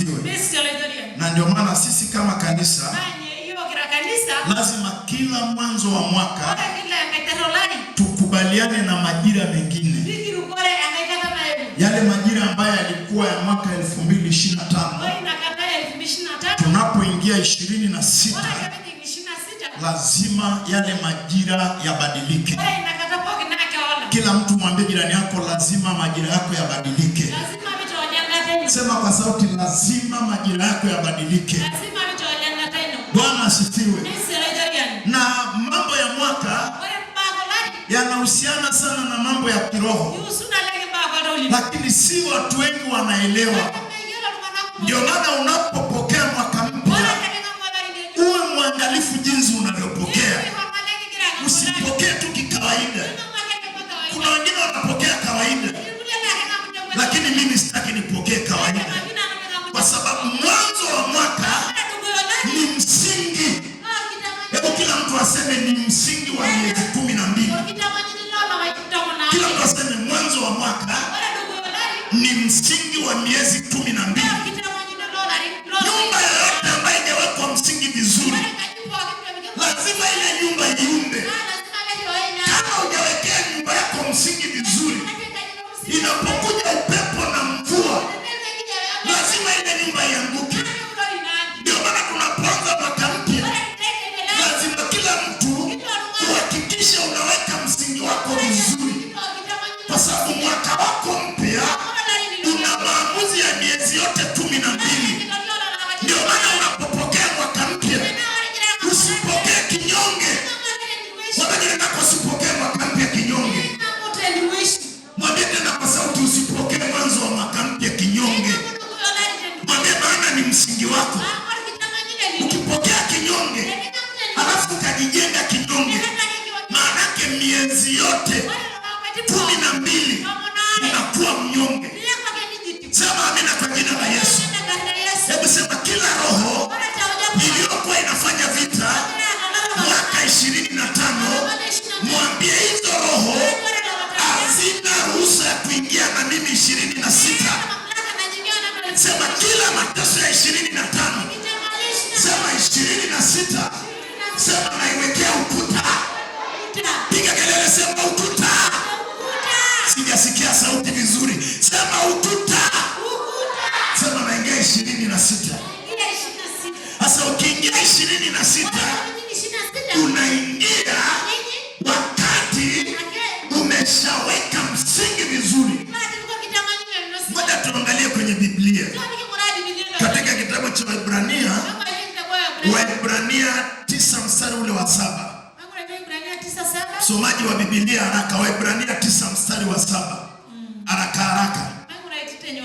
asifiwe. Na ndio maana sisi kama kanisa lazima kila mwanzo wa mwaka tukubaliane na majira mengine, yale majira ambayo yalikuwa ya mwaka 2025 tunapoingia 26 lazima yale majira yabadilike. Kila mtu mwambie jirani yako, lazima majira yako yabadilike. Sema kwa sauti, lazima majira yako yabadilike. Bwana asifiwe. Na mambo ya mwaka yanahusiana sana na mambo ya kiroho, lakini si watu wengi wanaelewa. Ndio maana unapopokea mwaka mpya uwe mwangalifu jinsi unavyopokea, usipokee tu kikawaida. Kuna wengine wanapokea kawaida lakini mimi sitaki nipokee kawaida, kwa sababu mwanzo wa mwaka ni msingi. Hebu kila mtu aseme ni msingi wa miezi kumi na mbili. Kila mtu aseme mwanzo wa mwaka ni msingi wa miezi nyumba ya nguvu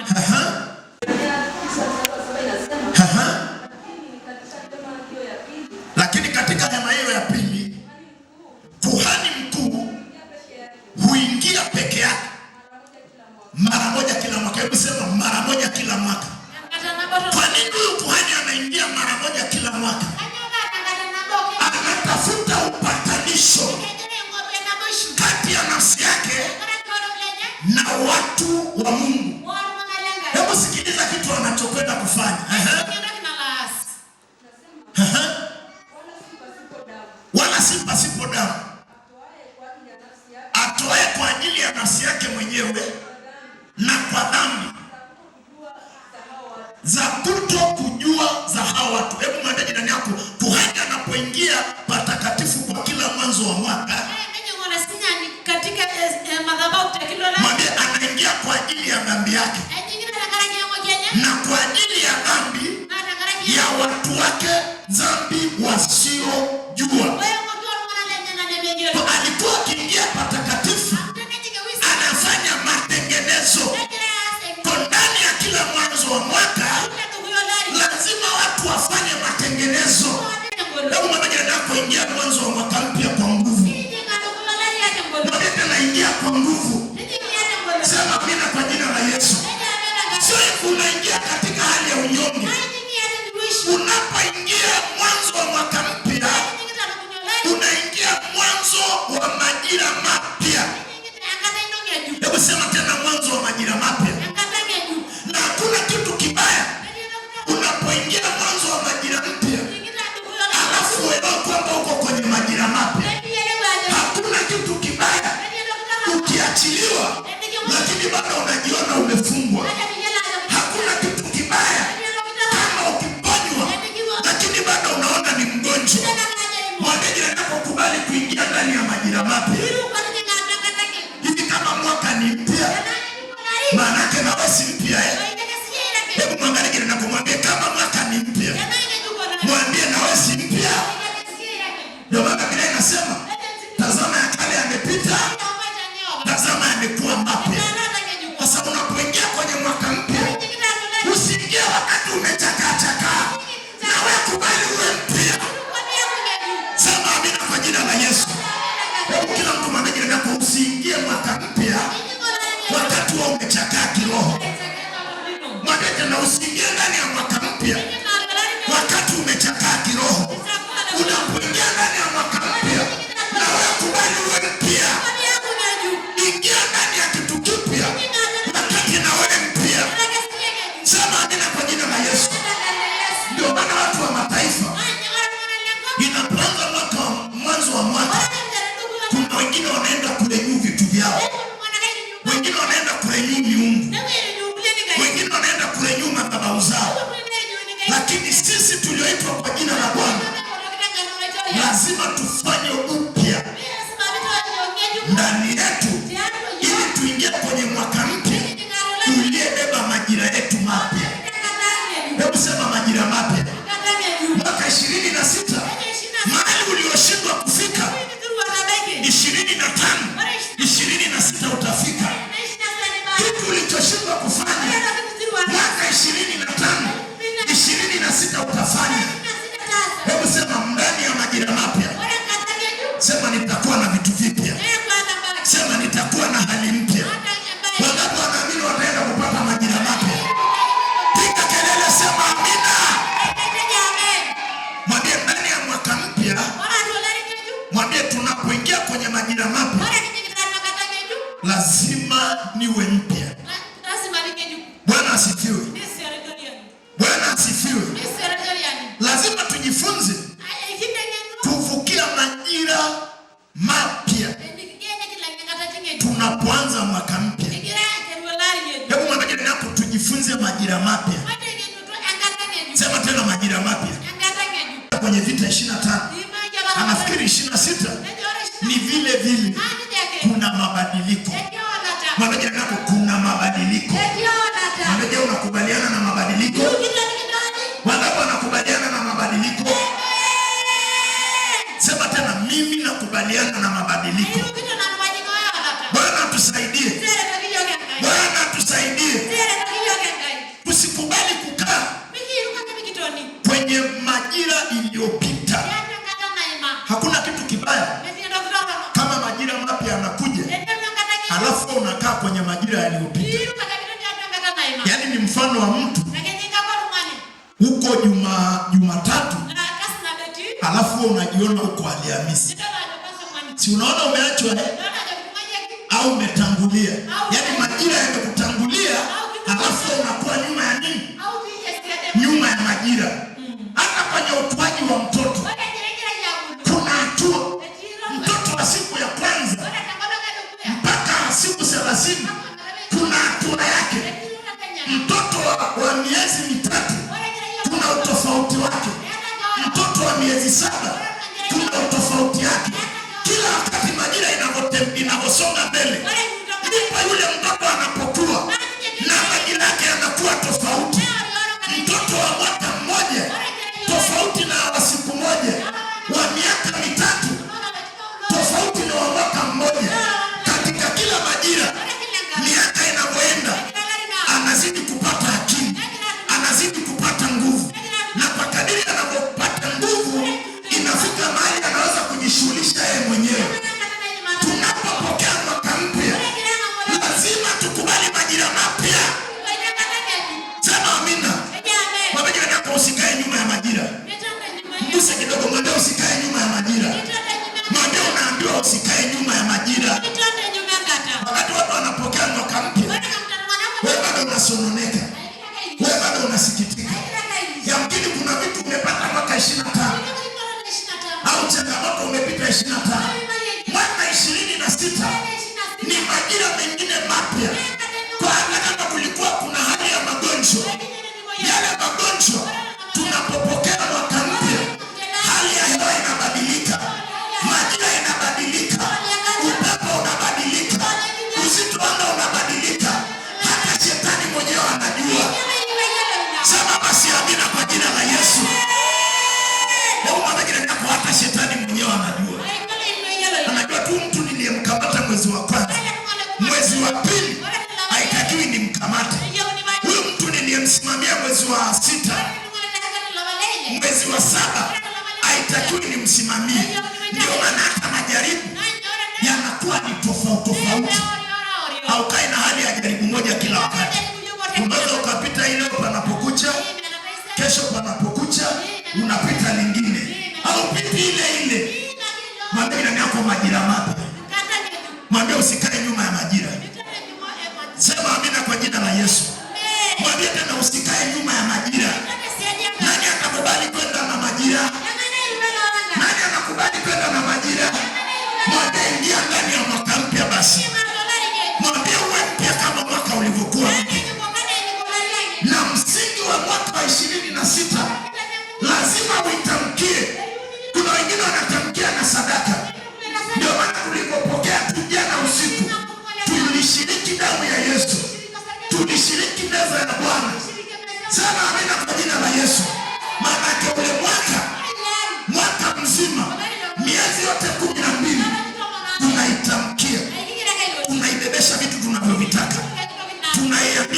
Uh-huh. Peter na usiingie ndani ya Si unaona umeachwa eh? Au umetangulia, yaani majira yamekutangulia, alafu unakuwa nyuma ya nini? Nyuma ya majira. Mm. Hata kwenye utoaji wa mtoto kuna hatua. Mtoto wa siku ya kwanza mpaka siku thelathini kuna hatua yake. Mtoto wa, wa miezi mitatu kuna utofauti wake. Mtoto wa miezi saba kuna utofauti wake wakati majira inavyosonga mbele, ndipo yule mtoto ana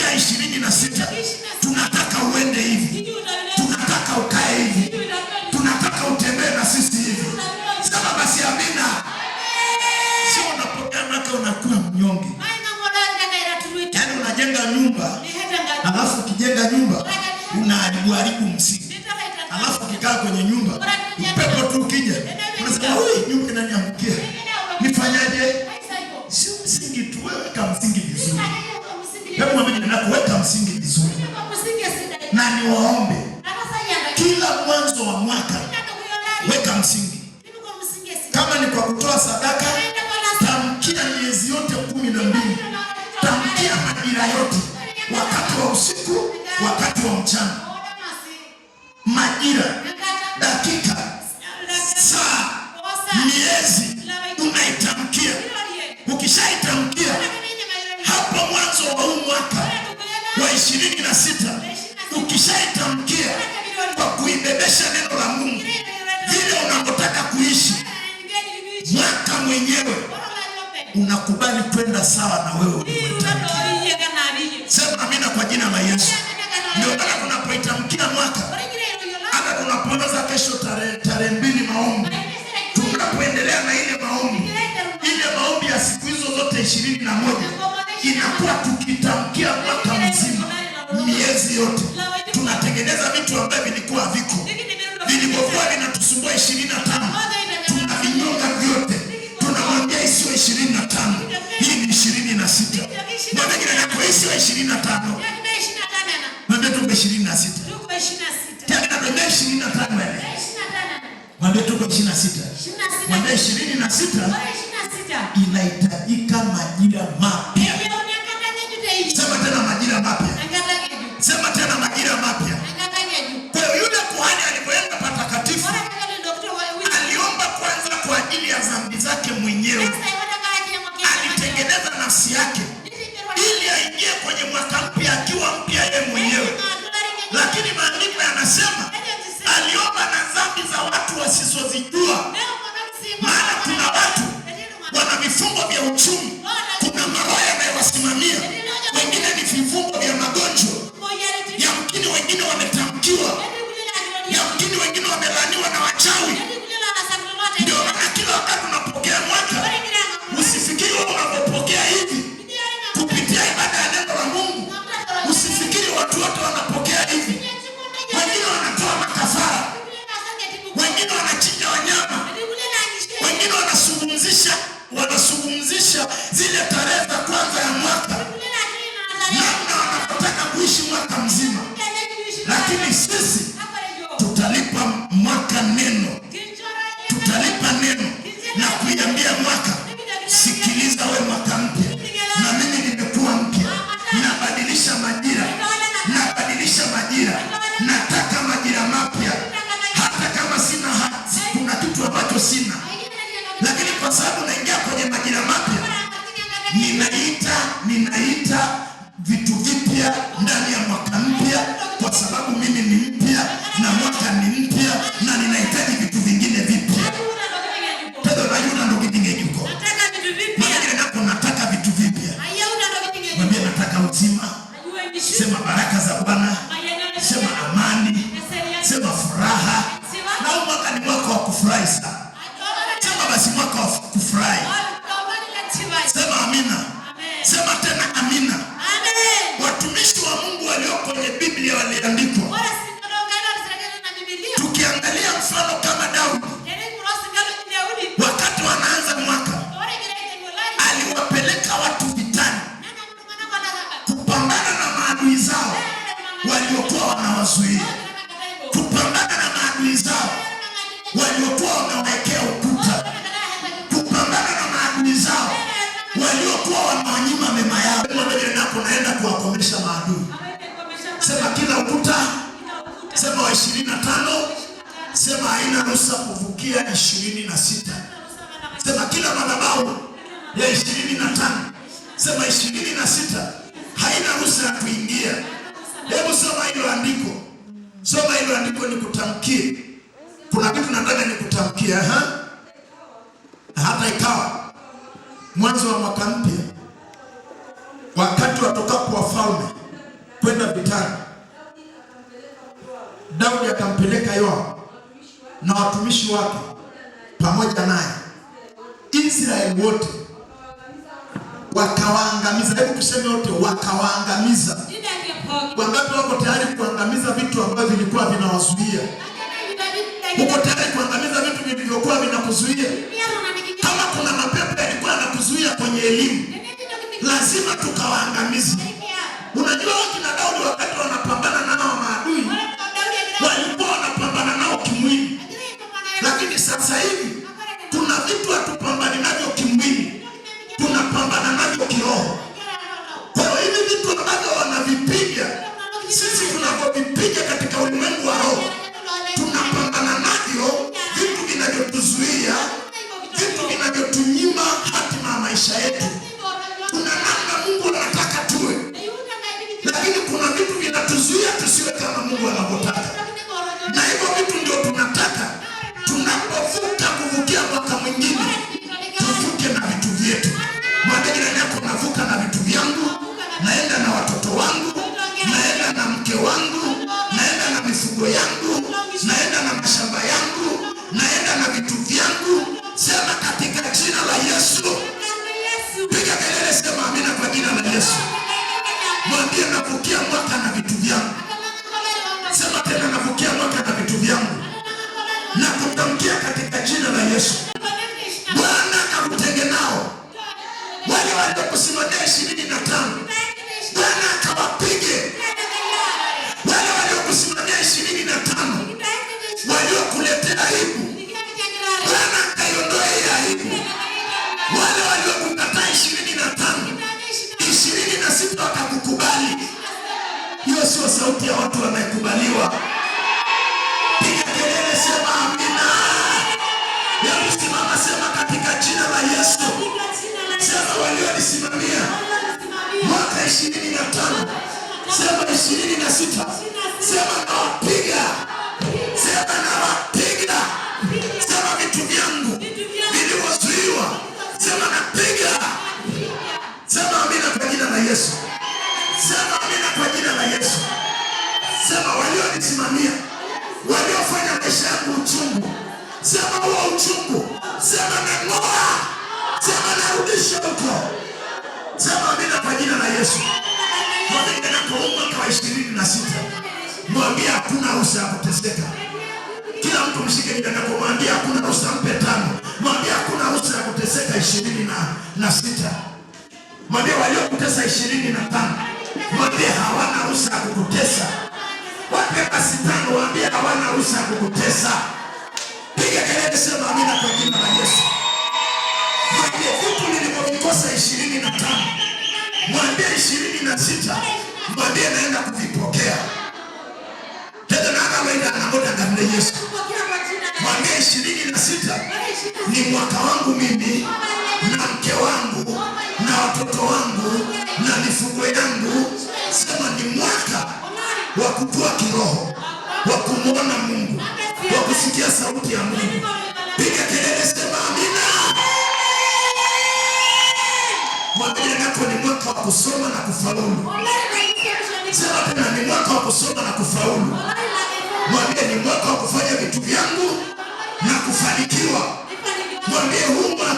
Yeremia ishirini na sita tunataka uende hivi, tunataka ukae hivi, tunataka utembee na sisi hivi. Sema basi amina. Sio unapokea maka unakuwa mnyonge, yaani unajenga nyumba alafu ukijenga nyumba unaharibu haribu msingi alafu ukikaa kwenye nyumba mwanzo wa mwaka weka msingi. Kama ni kwa kutoa sadaka, tamkia miezi yote kumi na mbili, tamkia majira yote, wakati wa usiku, wakati wa mchana, majira nakubali kwenda sawa na wewe Sema amina kwa jina la Yesu. Ndio maana tunapoitamkia mwaka, hata tunapoanza kesho tarehe tarehe mbili maombi, tunapoendelea na ile maombi, ile maombi ya siku hizo zote ishirini na moja inakuwa tukitamkia mwaka mzima, miezi yote tunatengeneza vitu ambavyo vilikuwa viko vilivyokuwa vinatusumbua ishirini na tano sita down. lakini sisi na uzima. Sema baraka za Bwana, sema amani, sema furaha, na mwaka ni mwaka wa kufurahi sana. tano sema haina ruhusa kuvukia ishirini na sita sema kila madhabahu ya ishirini na tano sema ishirini na sita haina ruhusa ya kuingia. Hebu soma hilo andiko, soma hilo andiko, nikutamkie. Kuna kitu nataka nikutamkie ha? Hata ikawa mwanzo wa mwaka mpya, wakati watoka kwa wafalme kwenda vitani Daudi akampeleka Yoabu na watumishi wake pamoja naye, Israeli wote wakawaangamiza. Hebu tuseme wote wakawaangamiza. Wangapi wako tayari kuangamiza vitu ambavyo vilikuwa vinawazuia? Uko tayari kuangamiza vitu vilivyokuwa vinakuzuia? Kama kuna mapepo yalikuwa yanakuzuia kwenye elimu, lazima tukawaangamiza. Unajua wakina Daudi wakati wana tunapovipiga katika ulimwengu wa roho, tunapambana navyo vitu vinavyotuzuia, vitu vinavyotunyima hatima ya maisha yetu. Kuna namna Mungu anataka tuwe, lakini kuna vitu vinatuzuia tusiwe kama Mungu anavyotaka. sauti ya watu wamekubaliwa. Piga kelele, sema amina. Yakusimama, sema katika jina la Yesu. Sema walionisimamia mwaka ishirini na tano sema ishirini na sita sema na wapiga sema na wapiga sema vitu vyangu vilivyozuiwa, sema piga sema amina kwa jina la Yesu. Sema walionisimamia, waliofanya maisha yangu uchungu, sema huo uchungu, sema nang'oa, sema narudisha huko, sema amina kwa jina la Yesu. Mwaka wa ishirini na sita mwambia hakuna ruhusa ya kuteseka. Kila mtu mshike jina lako, mwambia hakuna ruhusa, mpe tano, mwambia hakuna ruhusa ya kuteseka ishirini na, na sita mwambia waliokutesa ishirini na tano mwambia hawana ruhusa ya kukutesa Wape masindano, waambie hawana ruhusa ya kukutesa. Piga kelele, sema amina kwa jina la Yesu. Mwambie vitu nilivyovikosa ishirini na tano, mwambie ishirini na sita, mwambie naenda kuvipokea tena. Naakamaida anamoda ndamle Yesu, mwambie ishirini na sita ni mwaka wangu mimi na mke wangu na watoto wangu na mifugo yangu. Sema ni mwaka wa kutoa kiroho, wa kumwona Mungu, wa kusikia sauti ya Mungu. Piga kelele, sema amina. Mwambie nako ni mwaka wa kusoma na kufaulu. Sema tena, ni mwaka wa kusoma na kufaulu. Mwambie ni mwaka wa kufanya vitu vyangu na kufanikiwa. Mwambie huma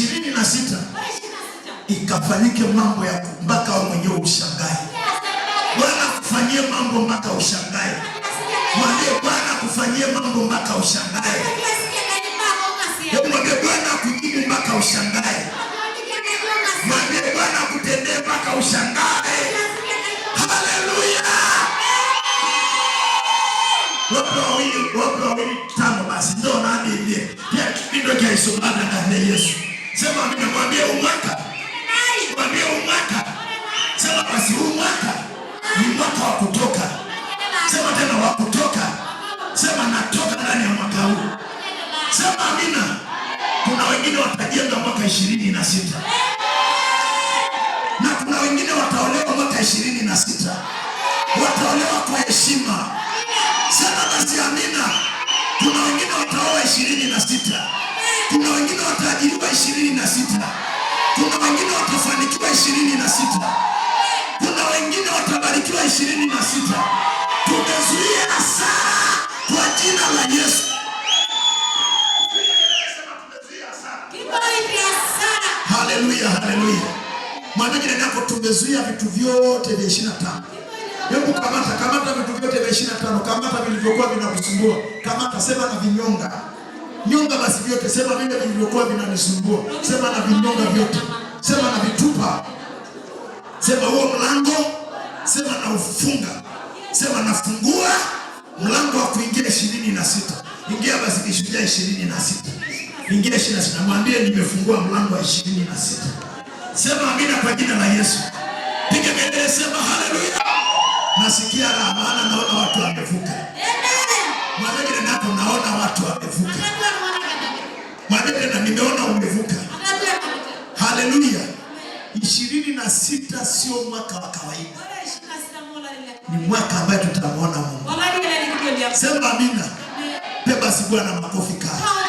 ishirini na sita ikafanyike mambo ya mpaka wa mwenyewe ushangae. Bwana kufanyie mambo mpaka ushangae. Mwambie Bwana kufanyie mambo mpaka ushangae. Mwambie Bwana kujibu mpaka ushangae. Mwambie Bwana kutendee mpaka ushangae. Haleluya! Wapo wawili, wapo wawili, tano basi ndio nani ndiye. Pia ndio kia Yesu. Sema namwambia umwaka, mwambia umwaka. Sema basi huu mwaka ni mwaka wa kutoka. Sema tena wa kutoka. Sema natoka ndani ya mwaka huu. Sema amina. Kuna wengine watajenga mwaka ishirini na sita na kuna wengine wataolewa mwaka ishirini na sita wataolewa kwa heshima. Sema basi amina. Kuna wengine wataoa ishirini na sita kuna wengine wataajiriwa ishirini na sita. Kuna wengine watafanikiwa ishirini na sita. Kuna wengine watabarikiwa ishirini na sita. Tumezuia hasara kwa jina la Yesu. Haleluya, haleluya. Mwanadamu nako tumezuia vitu vyote vya ishirini na tano Hebu kamata, kamata vitu vyote vya ishirini na tano Kamata vilivyokuwa vinakusumbua. Kamata, sema na vinyonga. Nyonga basi vyote, sema vile vilivyokuwa vinanisumbua, sema na vinyonga vyote, sema na vitupa, sema huo mlango, sema na ufunga, sema nafungua mlango wa kuingia ishirini na sita. Ingia basi kishujaa ishirini na sita, ingia ishirini na sita, mwambie nimefungua mlango wa ishirini na sita. Sema amina kwa jina la Yesu, piga kelele, sema haleluya. Nasikia raha, maana naona watu wamevuka. Amen maana unaona watu wamevuka. Maneno na nimeona umevuka. Haleluya. Ishirini na sita sio mwaka wa kawaida, ni mwaka ambaye tutamwona Mungu. Sema amina. Beba si Bwana makofi kaa